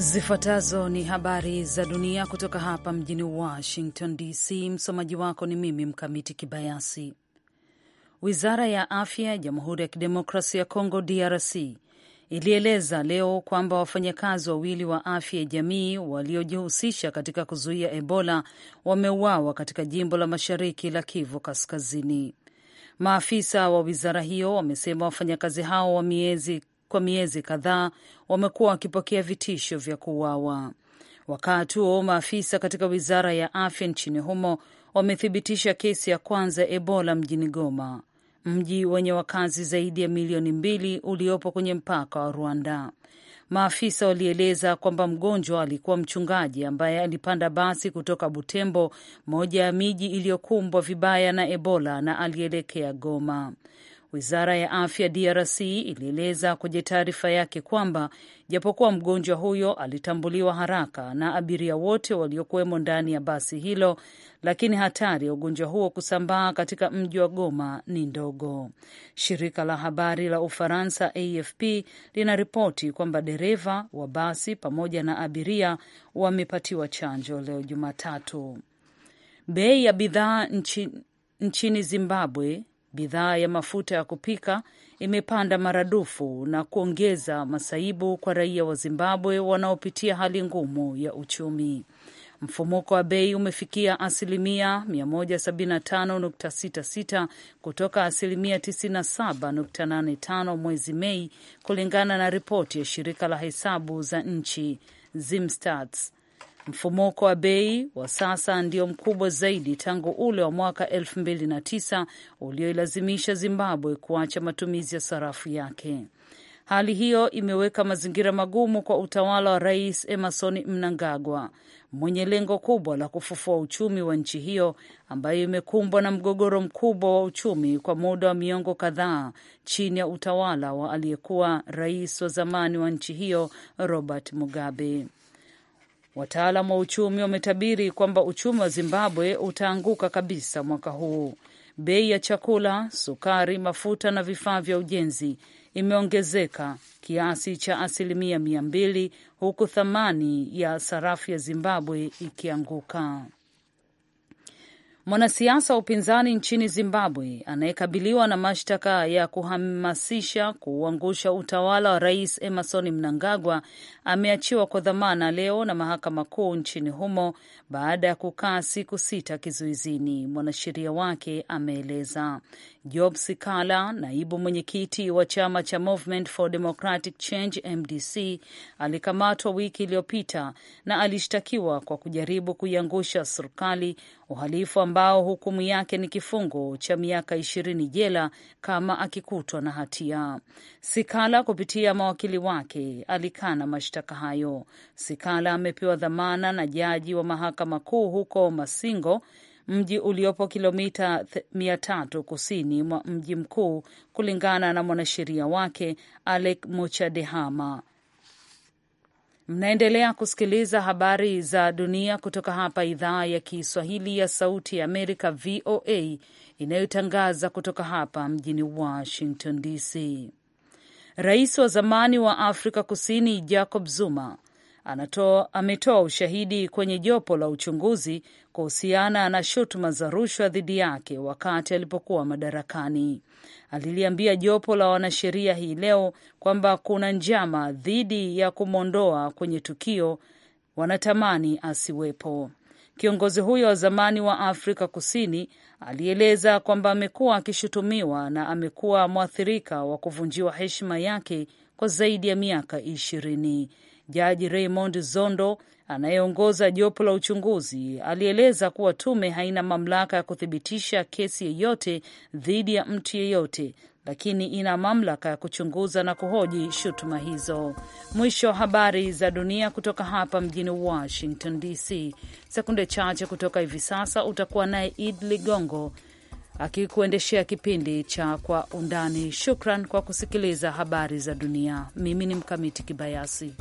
Zifuatazo ni habari za dunia kutoka hapa mjini Washington DC. Msomaji wako ni mimi Mkamiti Kibayasi. Wizara ya afya ya Jamhuri ya Kidemokrasia ya Kongo, DRC, ilieleza leo kwamba wafanyakazi wawili wa afya ya jamii waliojihusisha katika kuzuia Ebola wameuawa katika jimbo la mashariki la Kivu Kaskazini. Maafisa wa wizara hiyo wamesema wafanyakazi hao wa miezi kwa miezi kadhaa wamekuwa wakipokea vitisho vya kuuawa. Wakati huo maafisa katika wizara ya afya nchini humo wamethibitisha kesi ya kwanza Ebola mjini Goma, mji wenye wakazi zaidi ya milioni mbili uliopo kwenye mpaka wa Rwanda. Maafisa walieleza kwamba mgonjwa alikuwa mchungaji ambaye alipanda basi kutoka Butembo, moja ya miji iliyokumbwa vibaya na Ebola, na alielekea Goma. Wizara ya afya DRC ilieleza kwenye taarifa yake kwamba japokuwa mgonjwa huyo alitambuliwa haraka na abiria wote waliokuwemo ndani ya basi hilo, lakini hatari ya ugonjwa huo kusambaa katika mji wa Goma ni ndogo. Shirika la habari la Ufaransa AFP linaripoti kwamba dereva wa basi pamoja na abiria wamepatiwa chanjo leo Jumatatu. Bei ya bidhaa nchini Zimbabwe Bidhaa ya mafuta ya kupika imepanda maradufu na kuongeza masaibu kwa raia wa Zimbabwe wanaopitia hali ngumu ya uchumi. Mfumuko wa bei umefikia asilimia 175.66 kutoka asilimia 97.85 mwezi Mei, kulingana na ripoti ya shirika la hesabu za nchi Zimstats. Mfumuko wa bei wa sasa ndio mkubwa zaidi tangu ule wa mwaka 2009 ulioilazimisha Zimbabwe kuacha matumizi ya sarafu yake. Hali hiyo imeweka mazingira magumu kwa utawala wa Rais Emerson Mnangagwa mwenye lengo kubwa la kufufua uchumi wa nchi hiyo ambayo imekumbwa na mgogoro mkubwa wa uchumi kwa muda wa miongo kadhaa chini ya utawala wa aliyekuwa rais wa zamani wa nchi hiyo Robert Mugabe. Wataalam wa uchumi wametabiri kwamba uchumi wa Zimbabwe utaanguka kabisa mwaka huu. Bei ya chakula, sukari, mafuta na vifaa vya ujenzi imeongezeka kiasi cha asilimia mia mbili huku thamani ya sarafu ya Zimbabwe ikianguka. Mwanasiasa wa upinzani nchini Zimbabwe anayekabiliwa na mashtaka ya kuhamasisha kuuangusha utawala wa Rais Emerson Mnangagwa ameachiwa kwa dhamana leo na mahakama kuu nchini humo baada ya kukaa siku sita kizuizini, mwanasheria wake ameeleza. Job Sikala, naibu mwenyekiti wa chama cha Movement for Democratic Change MDC, alikamatwa wiki iliyopita na alishtakiwa kwa kujaribu kuiangusha serikali, uhalifu ambao hukumu yake ni kifungo cha miaka ishirini jela kama akikutwa na hatia. Sikala kupitia mawakili wake alikana mashtaka hayo. Sikala amepewa dhamana na jaji wa mahakama kuu huko Masingo mji uliopo kilomita 3 kusini mwa mji mkuu, kulingana na mwanasheria wake Alek Muchadehama. Mnaendelea kusikiliza habari za dunia kutoka hapa idhaa ya Kiswahili ya Sauti ya Amerika, VOA, inayotangaza kutoka hapa mjini Washington DC. Rais wa zamani wa Afrika Kusini Jacob Zuma anatoa, ametoa ushahidi kwenye jopo la uchunguzi kuhusiana na shutuma za rushwa dhidi yake wakati alipokuwa madarakani. Aliliambia jopo la wanasheria hii leo kwamba kuna njama dhidi ya kumwondoa kwenye tukio, wanatamani asiwepo. Kiongozi huyo wa zamani wa Afrika Kusini alieleza kwamba amekuwa akishutumiwa na amekuwa mwathirika wa kuvunjiwa heshima yake kwa zaidi ya miaka ishirini. Jaji Raymond Zondo anayeongoza jopo la uchunguzi alieleza kuwa tume haina mamlaka ya kuthibitisha kesi yeyote dhidi ya mtu yeyote, lakini ina mamlaka ya kuchunguza na kuhoji shutuma hizo. Mwisho wa habari za dunia kutoka hapa mjini Washington DC. Sekunde chache kutoka hivi sasa utakuwa naye Id Ligongo akikuendeshea kipindi cha Kwa Undani. Shukran kwa kusikiliza habari za dunia. Mimi ni Mkamiti Kibayasi.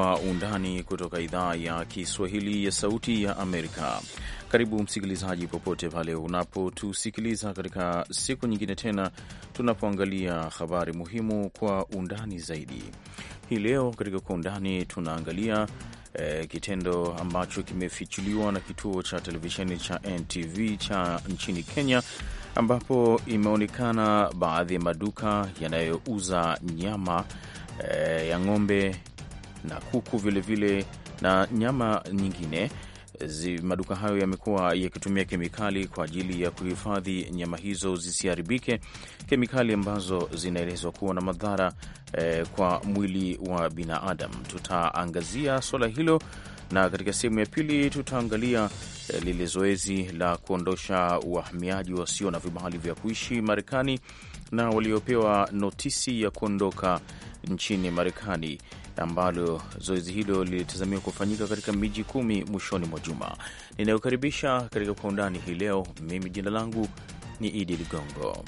Kwa Undani kutoka idhaa ya Kiswahili ya Sauti ya Amerika. Karibu msikilizaji, popote pale unapotusikiliza katika siku nyingine tena, tunapoangalia habari muhimu kwa undani zaidi. Hii leo katika Kwa Undani tunaangalia E, kitendo ambacho kimefichuliwa na kituo cha televisheni cha NTV cha nchini Kenya ambapo imeonekana baadhi ya maduka yanayouza nyama e, ya ng'ombe na kuku vilevile vile na nyama nyingine. Maduka hayo yamekuwa yakitumia kemikali kwa ajili ya kuhifadhi nyama hizo zisiharibike, kemikali ambazo zinaelezwa kuwa na madhara eh, kwa mwili wa binadamu. Tutaangazia swala hilo, na katika sehemu ya pili tutaangalia eh, lile zoezi la kuondosha wahamiaji wasio na vibali vya kuishi Marekani na waliopewa notisi ya kuondoka nchini Marekani ambalo zoezi hilo lilitazamiwa kufanyika katika miji kumi mwishoni mwa juma. Ninayokaribisha katika Kwa Undani hii leo, mimi jina langu ni Idi Ligongo.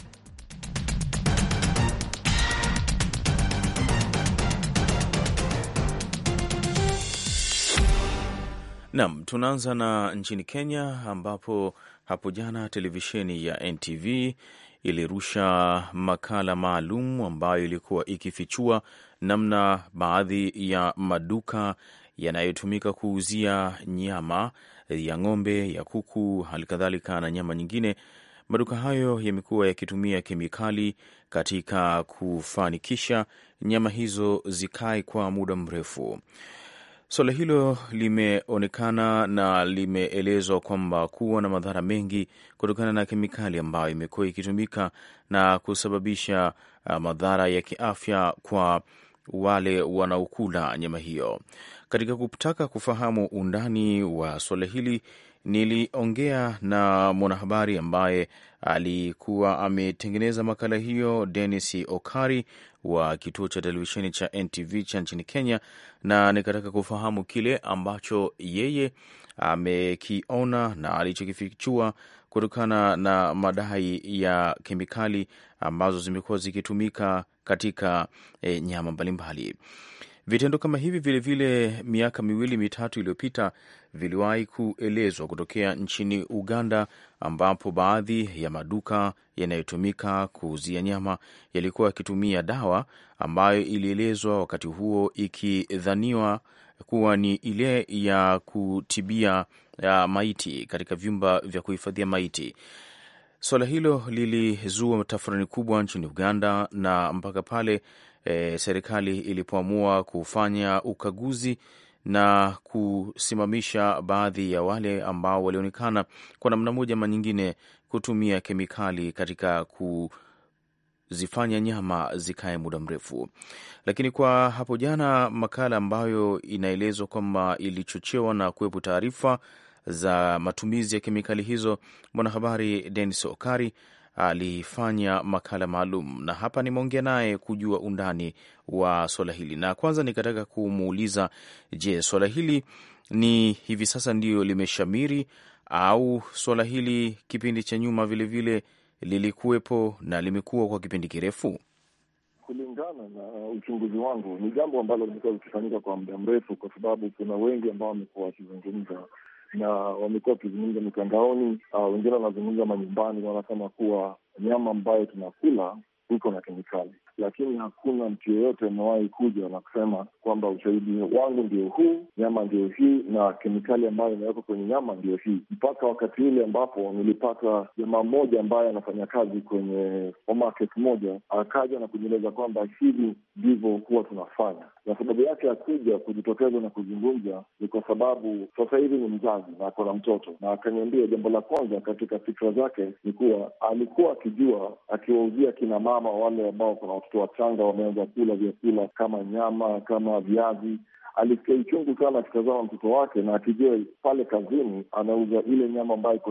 Nam, tunaanza na nchini Kenya ambapo hapo jana televisheni ya NTV ilirusha makala maalum ambayo ilikuwa ikifichua namna baadhi ya maduka yanayotumika kuuzia nyama ya ng'ombe, ya kuku, halikadhalika na nyama nyingine, maduka hayo yamekuwa yakitumia kemikali katika kufanikisha nyama hizo zikae kwa muda mrefu. Suala hilo limeonekana na limeelezwa kwamba kuwa na madhara mengi kutokana na kemikali ambayo imekuwa ikitumika na kusababisha uh, madhara ya kiafya kwa wale wanaokula nyama hiyo. Katika kutaka kufahamu undani wa suala hili, niliongea na mwanahabari ambaye alikuwa ametengeneza makala hiyo, Denis Okari, wa kituo cha televisheni cha NTV cha nchini Kenya, na nikataka kufahamu kile ambacho yeye amekiona na alichokifichua kutokana na madai ya kemikali ambazo zimekuwa zikitumika katika e, nyama mbalimbali. Vitendo kama hivi vilevile vile miaka miwili mitatu iliyopita viliwahi kuelezwa kutokea nchini Uganda, ambapo baadhi ya maduka yanayotumika kuuzia nyama yalikuwa yakitumia dawa ambayo ilielezwa wakati huo ikidhaniwa kuwa ni ile ya kutibia ya uh, maiti katika vyumba vya kuhifadhia maiti. Suala hilo lilizua tafurani kubwa nchini Uganda na mpaka pale e, serikali ilipoamua kufanya ukaguzi na kusimamisha baadhi ya wale ambao walionekana kwa namna moja ama nyingine kutumia kemikali katika kuzifanya nyama zikae muda mrefu. Lakini kwa hapo jana, makala ambayo inaelezwa kwamba ilichochewa na kuwepo taarifa za matumizi ya kemikali hizo, mwanahabari Denis Okari alifanya makala maalum, na hapa nimeongea naye kujua undani wa swala hili, na kwanza nikataka kumuuliza, je, swala hili ni hivi sasa ndiyo limeshamiri au swala hili kipindi cha nyuma vilevile lilikuwepo na limekuwa kwa kipindi kirefu? Kulingana na uchunguzi wangu, ni jambo ambalo limekuwa likifanyika kwa muda mrefu, kwa sababu kuna wengi ambao wamekuwa wakizungumza na wamekuwa wakizungumza mitandaoni, ah, wengine wanazungumza manyumbani, wanasema kuwa nyama ambayo tunakula iko na kemikali lakini hakuna mtu yeyote amewahi kuja na kusema kwamba ushahidi wangu ndio huu, nyama ndio hii, na kemikali ambayo imewekwa kwenye nyama ndio hii, mpaka wakati ule ambapo nilipata jamaa mmoja ambaye anafanya kazi kwenye supermarket moja, akaja na kujieleza kwamba hivi ndivyo huwa tunafanya, na sababu yake ya kuja kujitokeza na kuzungumza ni kwa sababu sasa hivi ni mzazi na ako na mtoto, na akaniambia jambo la kwanza katika fikra zake ni kuwa alikuwa akijua akiwauzia kina mama wale ambao kuna watoto wachanga wameanza kula vyakula kama nyama, kama viazi alisikia uchungu sana akitazama mtoto wake, na akijua pale kazini anauza ile nyama ambayo iko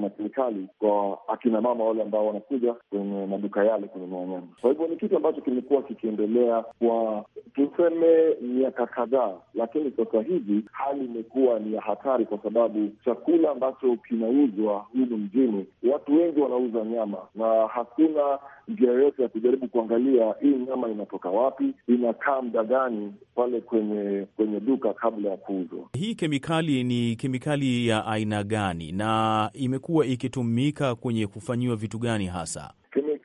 na kemikali kwa akina mama wale ambao wanakuja kwenye maduka yale kununua nyama. Kwa hivyo ni kitu ambacho kimekuwa kikiendelea kwa tuseme miaka kadhaa, lakini sasa hivi hali imekuwa ni ya hatari, kwa sababu chakula ambacho kinauzwa humu mjini, watu wengi wanauza nyama na hakuna njia yoyote ya kujaribu kuangalia hii nyama inatoka wapi, inakaa muda gani pale kwenye kwenye duka kabla ya kuuzwa. Hii kemikali ni kemikali ya aina gani na imekuwa ikitumika kwenye kufanyiwa vitu gani hasa?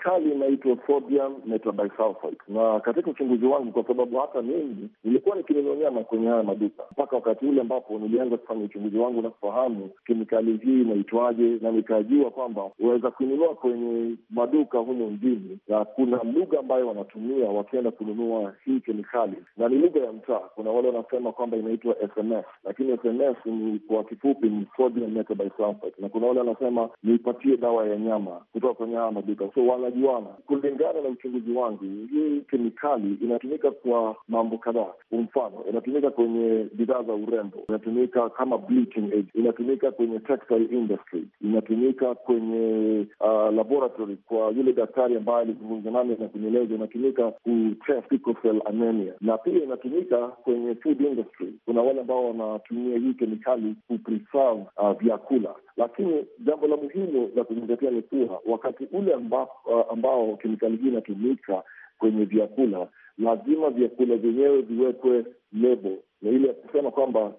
kemikali inaitwa sodium metabisulfite, na katika uchunguzi wangu, kwa sababu hata mimi nilikuwa nikinunua nyama kwenye haya maduka mpaka wakati ule ambapo nilianza kufanya uchunguzi wangu na kufahamu kemikali hii inaitwaje, na nikajua kwamba waweza kuinunua kwenye maduka humo mjini, na kuna lugha ambayo wanatumia wakienda kununua hii kemikali, na ni lugha ya mtaa. Kuna wale wanasema kwamba inaitwa SMS, lakini SMS ni kwa kifupi ni sodium metabisulfite, na kuna wale wanasema niipatie dawa ya nyama kutoka kwenye haya maduka so wana wanajuana. Kulingana na uchunguzi wangu, hii kemikali inatumika kwa mambo kadhaa. Mfano, inatumika kwenye bidhaa za urembo, inatumika kama bleaching agent, inatumika kwenye textile industry, inatumika kwenye uh, laboratory kwa yule daktari ambaye alizungumza nami na kunieleza, inatumika kutest sickle cell anemia, na pia inatumika kwenye food industry. Kuna wale ambao wanatumia hii kemikali kupreserve uh, vyakula, lakini jambo la muhimu la kuzingatia ni kuwa wakati ule ambapo uh, ambao kemikali hii inatumika kwenye vyakula, lazima vyakula vyenyewe viwekwe lebo na ile ya kusema kwamba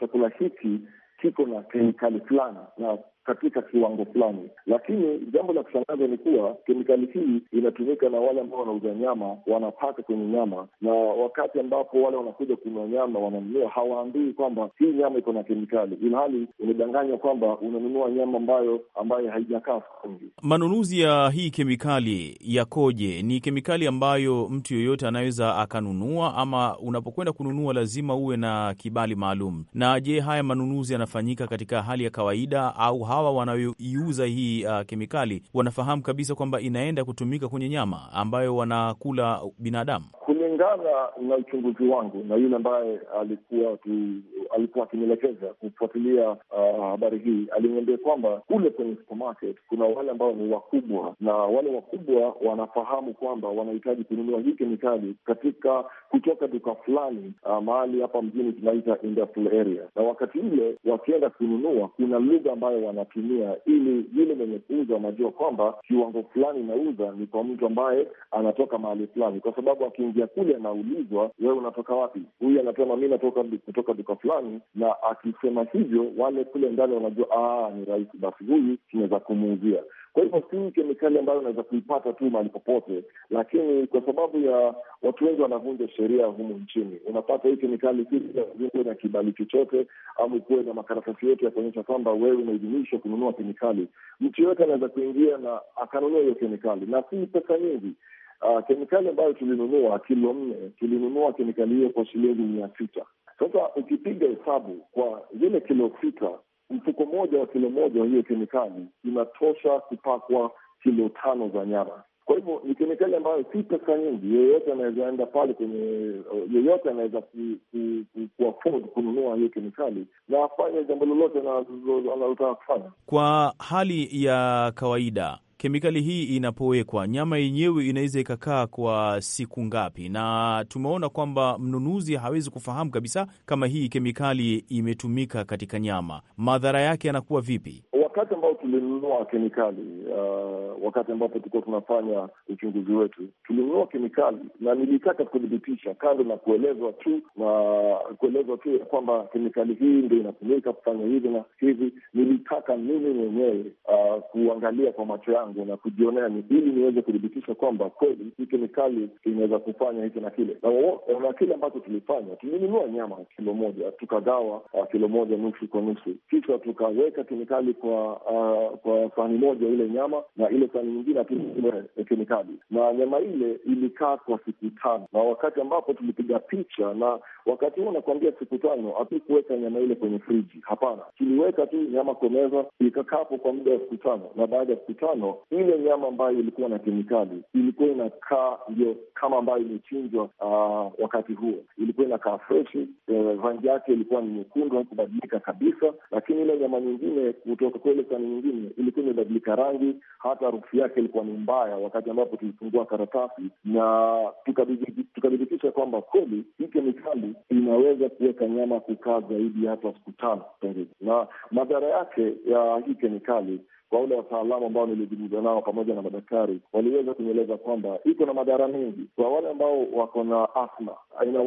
chakula hiki kiko na kemikali fulani, na katika kiwango fulani, lakini jambo la kushangaza ni kuwa kemikali hii inatumika na wale ambao wanauza nyama, wanapaka kwenye nyama, na wakati ambapo wale wanakuja kununua nyama, wananunua hawaambii kwamba hii nyama iko na kemikali, ilhali umedanganywa kwamba unanunua nyama ambayo ambayo haijakaa siku Manunuzi ya hii kemikali yakoje? Ni kemikali ambayo mtu yoyote anaweza akanunua, ama unapokwenda kununua lazima uwe na kibali maalum? Na je, haya manunuzi yanafanyika katika hali ya kawaida au hawa wanaoiuza hii uh, kemikali wanafahamu kabisa kwamba inaenda kutumika kwenye nyama ambayo wanakula binadamu kulingana na uchunguzi wangu na yule ambaye alikuwa tu, alikuwa akinielekeza kufuatilia uh, habari hii aliniambia kwamba kule kwenye supermarket kuna wale ambao ni wakubwa, na wale wakubwa wanafahamu kwamba wanahitaji kununua hii kemikali katika kutoka duka fulani uh, mahali hapa mjini tunaita industrial area, na wakati ule wakienda kununua, kuna lugha ambayo wanatumia ili yule mwenye kuuza wanajua kwamba kiwango fulani inauza ni kwa mtu ambaye anatoka mahali fulani, kwa sababu akiingia kule anaulizwa, wewe unatoka wapi? Huyu anasema mi natoka kutoka duka fulani, na akisema hivyo wale kule ndani wanajua ah, ni rais, basi huyu tunaweza kumuuzia. Kwa hivyo si kemikali ambayo unaweza kuipata tu mahali popote, lakini kwa sababu ya watu wengi wanavunja sheria humu nchini, unapata hii kemikali si na kibali chochote au kuwe na makaratasi yote ya kuonyesha kwamba wewe unaidhinishwa kununua kemikali. Mtu yoyote anaweza kuingia na akanunua hiyo kemikali na si pesa nyingi uh, kemikali ambayo tulinunua kilo nne, tulinunua kemikali hiyo kwa shilingi mia sita. Sasa ukipiga hesabu kwa zile kilo sita, mfuko mmoja wa kilo moja wa hiyo kemikali inatosha kupakwa kilo tano za nyama. Kwa hivyo ni kemikali ambayo si pesa nyingi, yeyote anaweza enda pale kwenye, yeyote anaweza kuafford kununua hiyo kemikali na afanye jambo lolote analotaka kufanya. Kwa hali ya kawaida, kemikali hii inapowekwa, nyama yenyewe inaweza ikakaa kwa siku ngapi? Na tumeona kwamba mnunuzi hawezi kufahamu kabisa kama hii kemikali imetumika katika nyama, madhara yake yanakuwa vipi? wakati ambao tulinunua kemikali uh, wakati ambapo tulikuwa tunafanya uchunguzi wetu, tulinunua kemikali na nilitaka kuthibitisha, kando na kuelezwa tu na kuelezwa tu ya kwamba kemikali hii ndio inatumika kufanya hivi na hivi, nilitaka mimi mwenyewe uh, kuangalia kwa macho yangu na kujionea, ili niweze kuthibitisha kwamba kweli hii kemikali inaweza kufanya hiki na kile na, na kile ambacho tulifanya, tulinunua nyama kilo moja tukagawa uh, kilo moja nusu kwa nusu, kisha tukaweka kemikali kwa uh, kwa sahani moja ile nyama na ile sahani nyingine ile kemikali, na nyama ile ilikaa kwa siku tano, na wakati ambapo tulipiga picha, na wakati huo nakuambia, siku tano hatukuweka nyama ile kwenye friji, hapana, tuliweka tu nyama kwa meza ikakaapo kwa muda wa siku tano, na baada ya siku tano ile nyama ambayo ilikuwa na kemikali ilikuwa inakaa ndio kama ambayo imechinjwa. Uh, wakati huo ilikuwa inakaa freshi, eh, rangi yake ilikuwa ni nyekundu, haikubadilika kabisa, lakini ile nyama nyingine kutoka ile sani nyingine ilikuwa imebadilika rangi, hata harufu yake ilikuwa ni mbaya, wakati ambapo tulifungua karatasi na tukadhibitisha kwamba kweli hii kemikali inaweza kuweka nyama kukaa zaidi hata siku tano pengine, na madhara yake ya hii kemikali kwa wale wataalamu ambao nilizungumza nao pamoja na madaktari, waliweza kunieleza kwamba iko na madhara mengi kwa wale ambao wako na asma,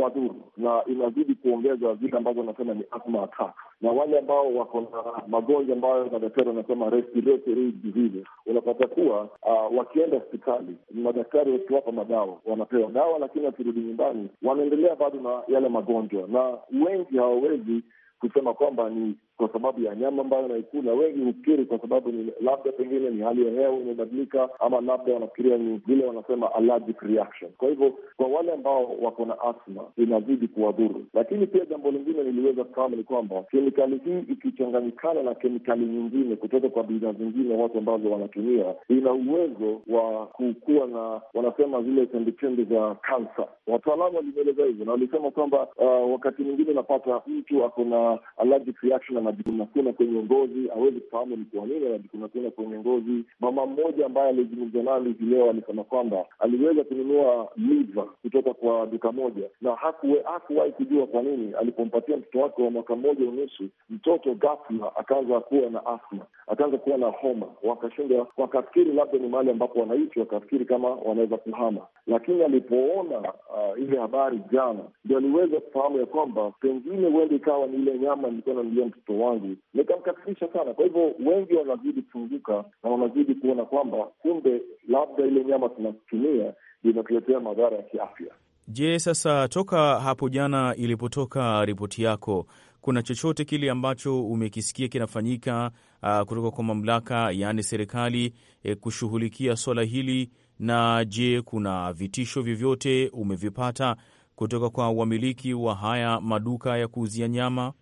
wadhuru na inazidi kuongeza zile ambazo wanasema ni asma attack, na wale ambao wako na magonjwa ambayo madaktari wanasema respiratory disease, unapata kuwa uh, wakienda hospitali madaktari wakiwapa madawa, wanapewa dawa, lakini wakirudi nyumbani wanaendelea bado na yale magonjwa, na wengi hawawezi kusema kwamba ni kwa sababu ya nyama ambayo anaikula. Wengi hufikiri kwa sababu ni labda pengine ni hali ya hewa imebadilika, ama labda wanafikiria ni vile wanasema allergic reaction. Kwa hivyo kwa wale ambao wako na asma inazidi kuwadhuru, lakini pia jambo lingine niliweza kufahamu ni kwamba kemikali hii ikichanganyikana na kemikali nyingine kutoka kwa bidhaa zingine watu ambazo wanatumia, ina uwezo wa kukuwa na wanasema zile chembechembe za kansa. Wataalamu walimeeleza hivyo na walisema kwamba uh, wakati mwingine unapata mtu ako na allergic reaction majukumu na kwenye ngozi, awezi kufahamu ni kwa nini ana majukumu na kwenye ngozi. Mama mmoja ambaye alizungumza nami hivi leo alisema kwamba aliweza kununua liva kutoka kwa duka moja na hakuwahi kujua kwa nini. Alipompatia mtoto wake wa mwaka mmoja unusu, mtoto ghafla akaanza kuwa na asma, akaanza kuwa na homa, wakashinda, wakafikiri labda ni mahali ambapo wanaishi, wakafikiri kama wanaweza kuhama, lakini alipoona uh, ile habari jana, ndio aliweza kufahamu ya kwamba pengine huenda ikawa ni ile nyama nilikuwa nanulia mtoto wangu, nikamkasirisha sana. Kwa hivyo wengi wanazidi kufunguka na wanazidi kuona kwamba kumbe labda ile nyama tunatumia inatuletea madhara ya kiafya. Je, sasa toka hapo jana ilipotoka ripoti yako, kuna chochote kile ambacho umekisikia kinafanyika uh, kutoka kwa mamlaka yaani serikali eh, kushughulikia swala hili? Na je, kuna vitisho vyovyote umevipata kutoka kwa wamiliki wa haya maduka ya kuuzia nyama?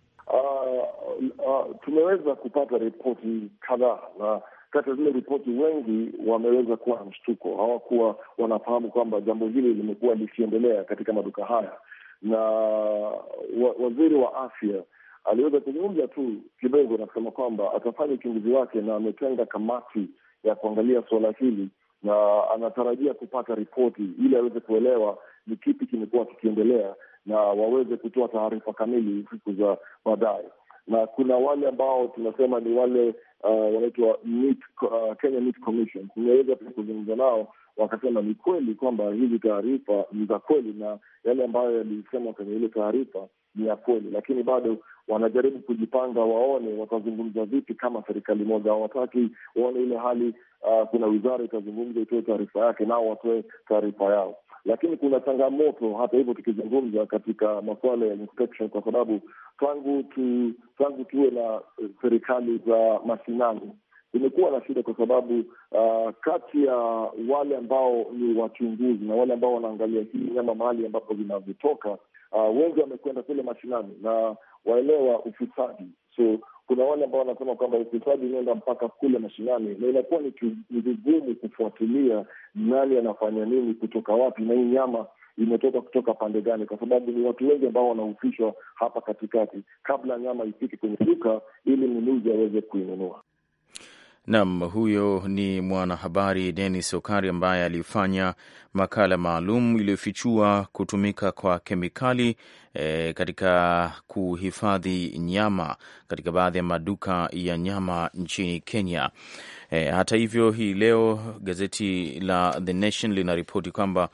tumeweza kupata ripoti kadhaa, na kati ya zile ripoti wengi wameweza kuwa na mshtuko, hawakuwa wanafahamu kwamba jambo hili limekuwa likiendelea katika maduka haya, na wa, waziri wa afya aliweza kuzungumza tu kidogo na kusema kwamba atafanya uchunguzi wake na ametenga kamati ya kuangalia suala hili na anatarajia kupata ripoti ili aweze kuelewa ni kipi kimekuwa kikiendelea na waweze kutoa taarifa kamili siku za baadaye na kuna wale ambao tunasema ni wale uh, wanaitwa uh, Kenya Meat Commission. Tumeweza pia kuzungumza nao, wakasema ni kweli kwamba hizi taarifa ni za kweli na yale ambayo yalisema kwenye ile taarifa ni ya kweli, lakini bado wanajaribu kujipanga, waone watazungumza vipi kama serikali moja. Hawataki waone ile hali uh, kuna wizara itazungumza itoe taarifa yake, nao watoe taarifa yao lakini kuna changamoto hata hivyo, tukizungumza katika masuala ya inspection, kwa sababu tangu tu, tangu tuwe na eh, serikali za mashinani imekuwa na shida, kwa sababu uh, kati ya wale ambao ni wachunguzi na wale ambao wanaangalia hii nyama mahali ambapo vinavyotoka, uh, ah, wengi wamekwenda kule mashinani na waelewa ufisadi so kuna wale ambao wanasema kwamba itifadi inaenda mpaka kule mashinani, na inakuwa ni vigumu kufuatilia nani anafanya nini kutoka wapi na hii nyama imetoka kutoka pande gani, kwa sababu ni watu wengi ambao wanahusishwa hapa katikati, kabla nyama ifike kwenye duka ili mnunuzi aweze kuinunua. Nam, huyo ni mwanahabari Denis Okari ambaye alifanya makala maalum iliyofichua kutumika kwa kemikali e, katika kuhifadhi nyama katika baadhi ya maduka ya nyama nchini Kenya. E, hata hivyo hii leo gazeti la The Nation linaripoti kwamba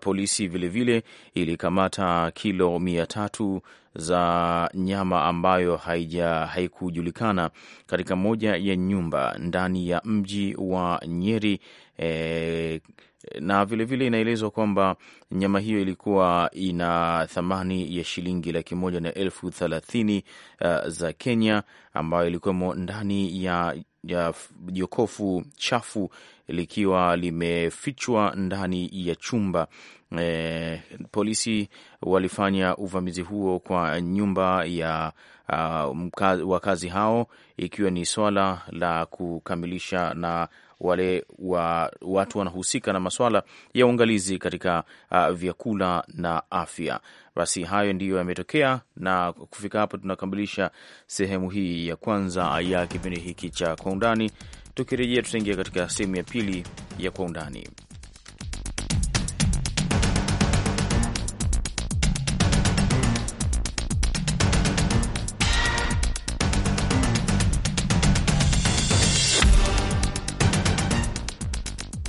polisi vilevile ilikamata kilo mia tatu za nyama ambayo haija haikujulikana katika moja ya nyumba ndani ya mji wa Nyeri e, na vilevile inaelezwa kwamba nyama hiyo ilikuwa ina thamani ya shilingi laki moja na elfu thelathini uh, eh, za Kenya ambayo ilikuwemo ndani ya jokofu chafu likiwa limefichwa ndani ya chumba. E, polisi walifanya uvamizi huo kwa nyumba ya uh, wakazi hao, ikiwa ni swala la kukamilisha na wale wa, watu wanahusika na maswala ya uangalizi katika uh, vyakula na afya. Basi hayo ndiyo yametokea, na kufika hapo tunakamilisha sehemu hii ya kwanza ya kipindi hiki cha Kwa Undani. Tukirejea tutaingia katika sehemu ya pili ya kwa undani.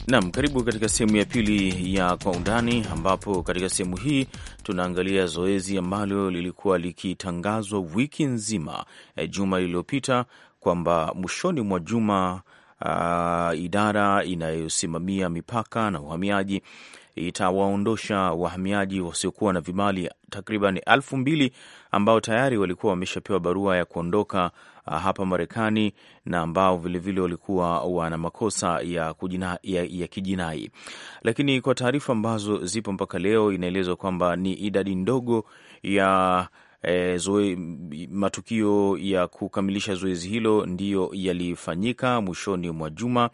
Nam, karibu katika sehemu ya pili ya kwa undani, ambapo katika sehemu hii tunaangalia zoezi ambalo lilikuwa likitangazwa wiki nzima, e, juma lililopita kwamba mwishoni mwa juma uh, idara inayosimamia mipaka na uhamiaji itawaondosha wahamiaji wasiokuwa na vibali takriban elfu mbili ambao tayari walikuwa wameshapewa barua ya kuondoka uh, hapa Marekani na ambao vilevile walikuwa wana makosa ya, ya, ya kijinai. Lakini kwa taarifa ambazo zipo mpaka leo, inaelezwa kwamba ni idadi ndogo ya e, zoe, matukio ya kukamilisha zoezi hilo ndiyo yalifanyika mwishoni mwa juma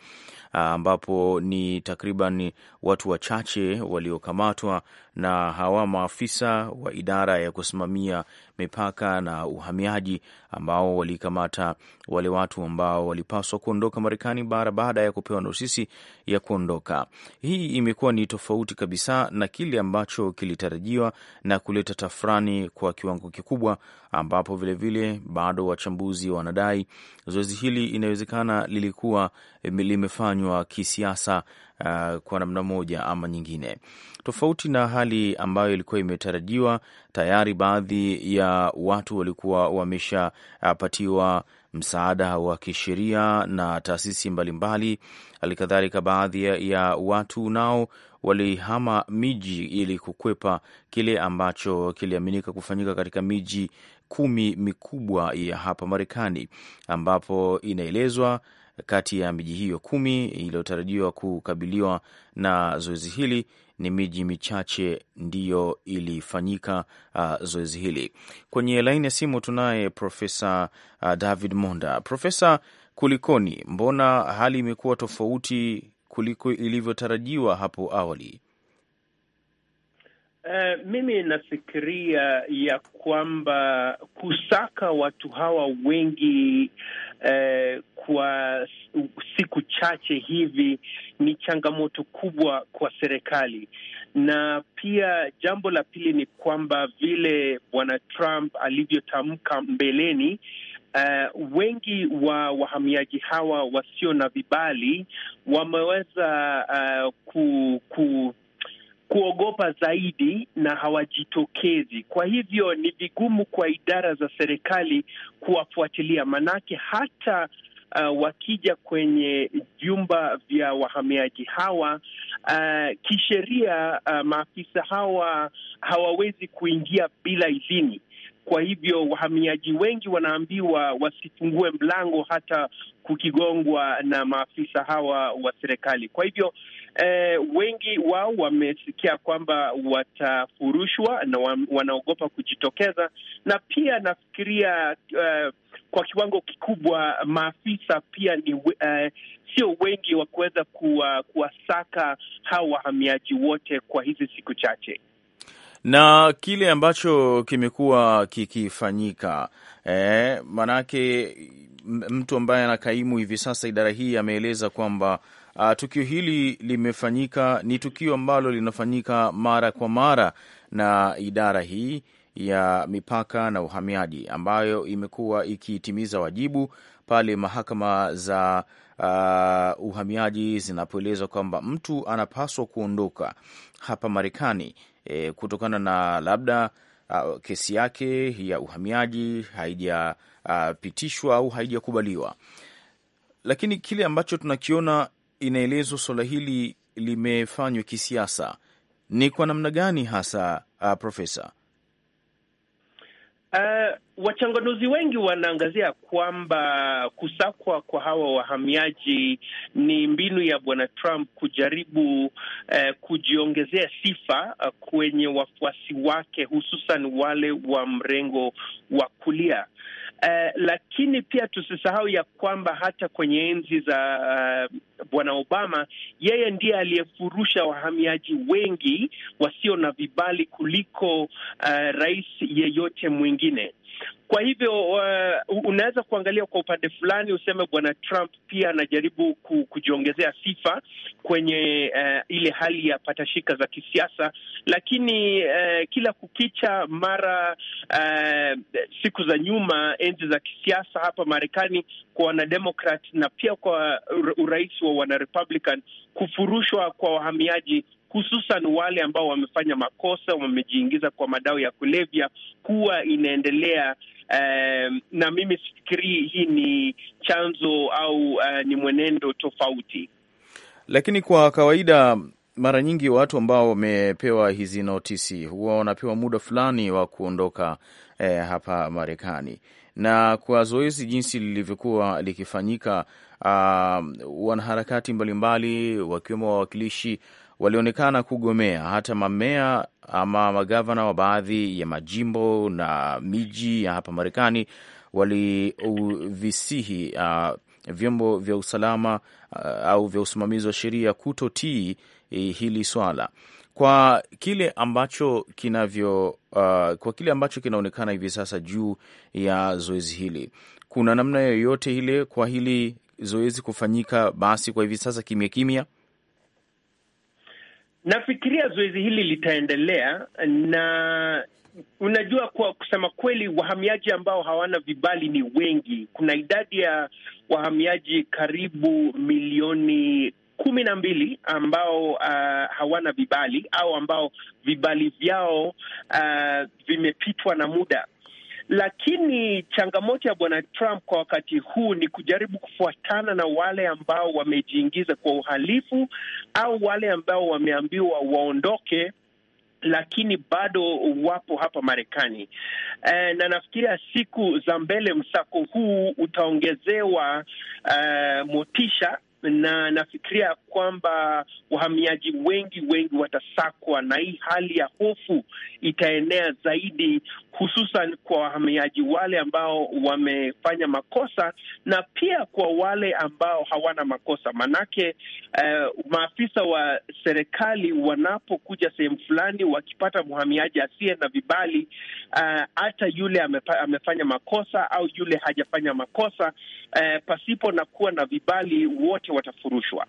ah, ambapo ni takriban watu wachache waliokamatwa na hawa maafisa wa idara ya kusimamia mipaka na uhamiaji ambao walikamata wale watu ambao walipaswa kuondoka Marekani bara baada ya kupewa nosisi ya kuondoka. Hii imekuwa ni tofauti kabisa na kile ambacho kilitarajiwa na kuleta tafrani kwa kiwango kikubwa, ambapo vilevile vile, bado wachambuzi wanadai zoezi hili inawezekana lilikuwa eh, limefanywa kisiasa uh, kwa namna moja ama nyingine, tofauti na hali ambayo ilikuwa imetarajiwa. Tayari baadhi ya watu walikuwa wameshapatiwa msaada wa kisheria na taasisi mbalimbali. Halikadhalika, baadhi ya watu nao walihama miji ili kukwepa kile ambacho kiliaminika kufanyika katika miji kumi mikubwa ya hapa Marekani, ambapo inaelezwa kati ya miji hiyo kumi iliyotarajiwa kukabiliwa na zoezi hili ni miji michache ndiyo ilifanyika uh, zoezi hili. Kwenye laini ya simu tunaye Profesa uh, David Monda. Profesa, kulikoni? Mbona hali imekuwa tofauti kuliko ilivyotarajiwa hapo awali? Uh, mimi nafikiria ya kwamba kusaka watu hawa wengi eh, kwa siku chache hivi ni changamoto kubwa kwa serikali. Na pia jambo la pili ni kwamba vile bwana Trump alivyotamka mbeleni, eh, wengi wa wahamiaji hawa wasio na vibali wameweza eh, ku, ku kuogopa zaidi na hawajitokezi. Kwa hivyo ni vigumu kwa idara za serikali kuwafuatilia, manake hata uh, wakija kwenye vyumba vya wahamiaji hawa uh, kisheria uh, maafisa hawa hawawezi kuingia bila idhini. Kwa hivyo wahamiaji wengi wanaambiwa wasifungue mlango hata kukigongwa na maafisa hawa wa serikali. Kwa hivyo eh, wengi wao wamesikia kwamba watafurushwa na wanaogopa kujitokeza, na pia nafikiria eh, kwa kiwango kikubwa maafisa pia ni eh, sio wengi wa kuweza kuwa, kuwasaka hawa wahamiaji wote kwa hizi siku chache na kile ambacho kimekuwa kikifanyika eh, manake mtu ambaye anakaimu hivi sasa idara hii ameeleza kwamba Uh, tukio hili limefanyika, ni tukio ambalo linafanyika mara kwa mara na idara hii ya mipaka na uhamiaji ambayo imekuwa ikitimiza wajibu pale mahakama za uh, uhamiaji zinapoeleza kwamba mtu anapaswa kuondoka hapa Marekani e, kutokana na labda uh, kesi yake ya uhamiaji haijapitishwa uh, au haijakubaliwa. Lakini kile ambacho tunakiona inaelezwa suala hili limefanywa kisiasa, ni kwa namna gani hasa uh, profesa? Uh, wachanganuzi wengi wanaangazia kwamba kusakwa kwa hawa wahamiaji ni mbinu ya bwana Trump kujaribu uh, kujiongezea sifa uh, kwenye wafuasi wake hususan wale wa mrengo wa kulia. Eh, lakini pia tusisahau ya kwamba hata kwenye enzi za uh, Bwana Obama, yeye ndiye aliyefurusha wahamiaji wengi wasio na vibali kuliko uh, rais yeyote mwingine. Kwa hivyo uh, unaweza kuangalia kwa upande fulani useme bwana Trump pia anajaribu kujiongezea sifa kwenye uh, ile hali ya patashika za kisiasa, lakini uh, kila kukicha mara uh, siku za nyuma, enzi za kisiasa hapa Marekani kwa wanademokrat na pia kwa urais wa wanarepublican, kufurushwa kwa wahamiaji hususan wale ambao wamefanya makosa, wamejiingiza kwa madawa ya kulevya, kuwa inaendelea um, na mimi sifikirii hii ni chanzo au uh, ni mwenendo tofauti, lakini kwa kawaida mara nyingi watu ambao wamepewa hizi notisi huwa wanapewa muda fulani wa kuondoka eh, hapa Marekani. Na kwa zoezi jinsi lilivyokuwa likifanyika, uh, wanaharakati mbalimbali wakiwemo wawakilishi walionekana kugomea. Hata mamea ama magavana wa baadhi ya majimbo na miji ya hapa Marekani walivisihi uh, vyombo vya usalama uh, au vya usimamizi wa sheria kutotii uh, hili swala kwa kile ambacho kinavyo uh, kwa kile ambacho kinaonekana hivi sasa juu ya zoezi hili, kuna namna yoyote ile kwa hili zoezi kufanyika basi kwa hivi sasa kimya kimya? Nafikiria zoezi hili litaendelea, na unajua, kwa kusema kweli, wahamiaji ambao hawana vibali ni wengi. Kuna idadi ya wahamiaji karibu milioni kumi na mbili ambao uh, hawana vibali au ambao vibali vyao uh, vimepitwa na muda. Lakini changamoto ya bwana Trump kwa wakati huu ni kujaribu kufuatana na wale ambao wamejiingiza kwa uhalifu au wale ambao wameambiwa waondoke lakini bado wapo hapa Marekani. E, na nafikiria siku za mbele msako huu utaongezewa e, motisha na nafikiria kwamba wahamiaji wengi wengi watasakwa, na hii hali ya hofu itaenea zaidi, hususan kwa wahamiaji wale ambao wamefanya makosa na pia kwa wale ambao hawana makosa. Manake uh, maafisa wa serikali wanapokuja sehemu fulani wakipata mhamiaji asiye na vibali, eh, hata uh, yule amefanya makosa au yule hajafanya makosa uh, pasipo na kuwa na vibali wote watafurushwa.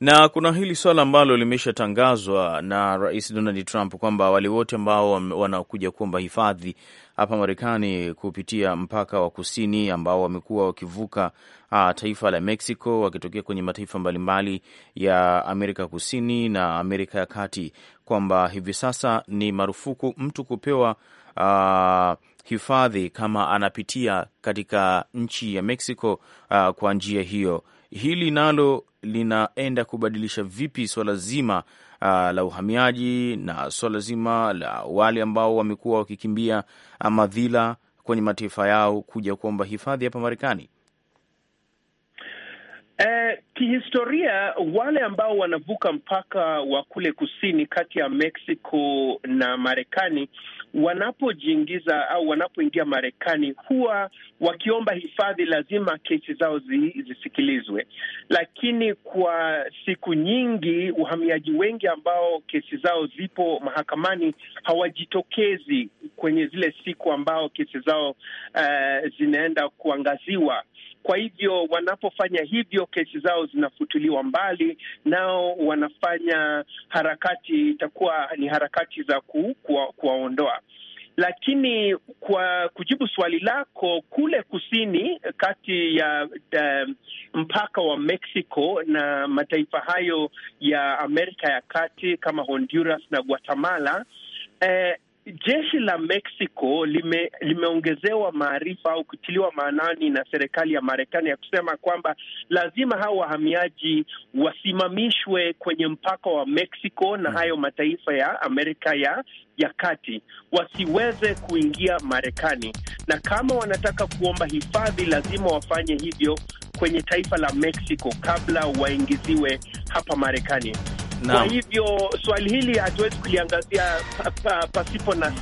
Na kuna hili swala ambalo limeshatangazwa na Rais Donald Trump kwamba wale wote ambao wanakuja kuomba hifadhi hapa Marekani kupitia mpaka wa kusini ambao wamekuwa wakivuka a, ah, taifa la Mexico wakitokea kwenye mataifa mbalimbali ya Amerika Kusini na Amerika ya Kati kwamba hivi sasa ni marufuku mtu kupewa a, ah, hifadhi kama anapitia katika nchi ya Mexico a, ah, kwa njia hiyo hili nalo linaenda kubadilisha vipi swala zima uh, la uhamiaji na swala zima la wale ambao wamekuwa wakikimbia ah, madhila kwenye mataifa yao kuja kuomba hifadhi hapa Marekani? Eh, kihistoria wale ambao wanavuka mpaka wa kule kusini kati ya Mexico na Marekani wanapojiingiza au wanapoingia Marekani huwa wakiomba hifadhi, lazima kesi zao zi, zisikilizwe. Lakini kwa siku nyingi uhamiaji wengi ambao kesi zao zipo mahakamani hawajitokezi kwenye zile siku ambao kesi zao uh, zinaenda kuangaziwa kwa hivyo wanapofanya hivyo, kesi zao zinafutiliwa mbali, nao wanafanya harakati, itakuwa ni harakati za ku, kuwa, kuwaondoa lakini kwa kujibu swali lako, kule kusini kati ya uh, mpaka wa Mexico na mataifa hayo ya Amerika ya Kati kama Honduras na Guatemala, eh, jeshi la Mexico lime, limeongezewa maarifa au kutiliwa maanani na serikali ya Marekani ya kusema kwamba lazima hao wahamiaji wasimamishwe kwenye mpaka wa Mexico na hmm. hayo mataifa ya Amerika ya ya kati wasiweze kuingia Marekani, na kama wanataka kuomba hifadhi lazima wafanye hivyo kwenye taifa la Mexico kabla waingiziwe hapa Marekani. Kwa hivyo swali hili hatuwezi kuliangazia pasipo na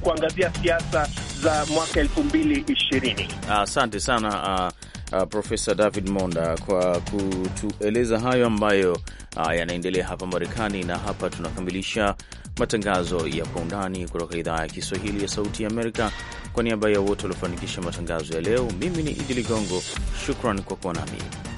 kuangazia siasa za mwaka 2020. Asante sana uh... Uh, Profesa David Monda kwa kutueleza hayo ambayo uh, yanaendelea hapa Marekani. Na hapa tunakamilisha matangazo ya Kwa Undani kutoka idhaa ya Kiswahili ya Sauti ya Amerika. Kwa niaba ya wote waliofanikisha matangazo ya leo, mimi ni Idi Ligongo, shukran kwa kuwa nami.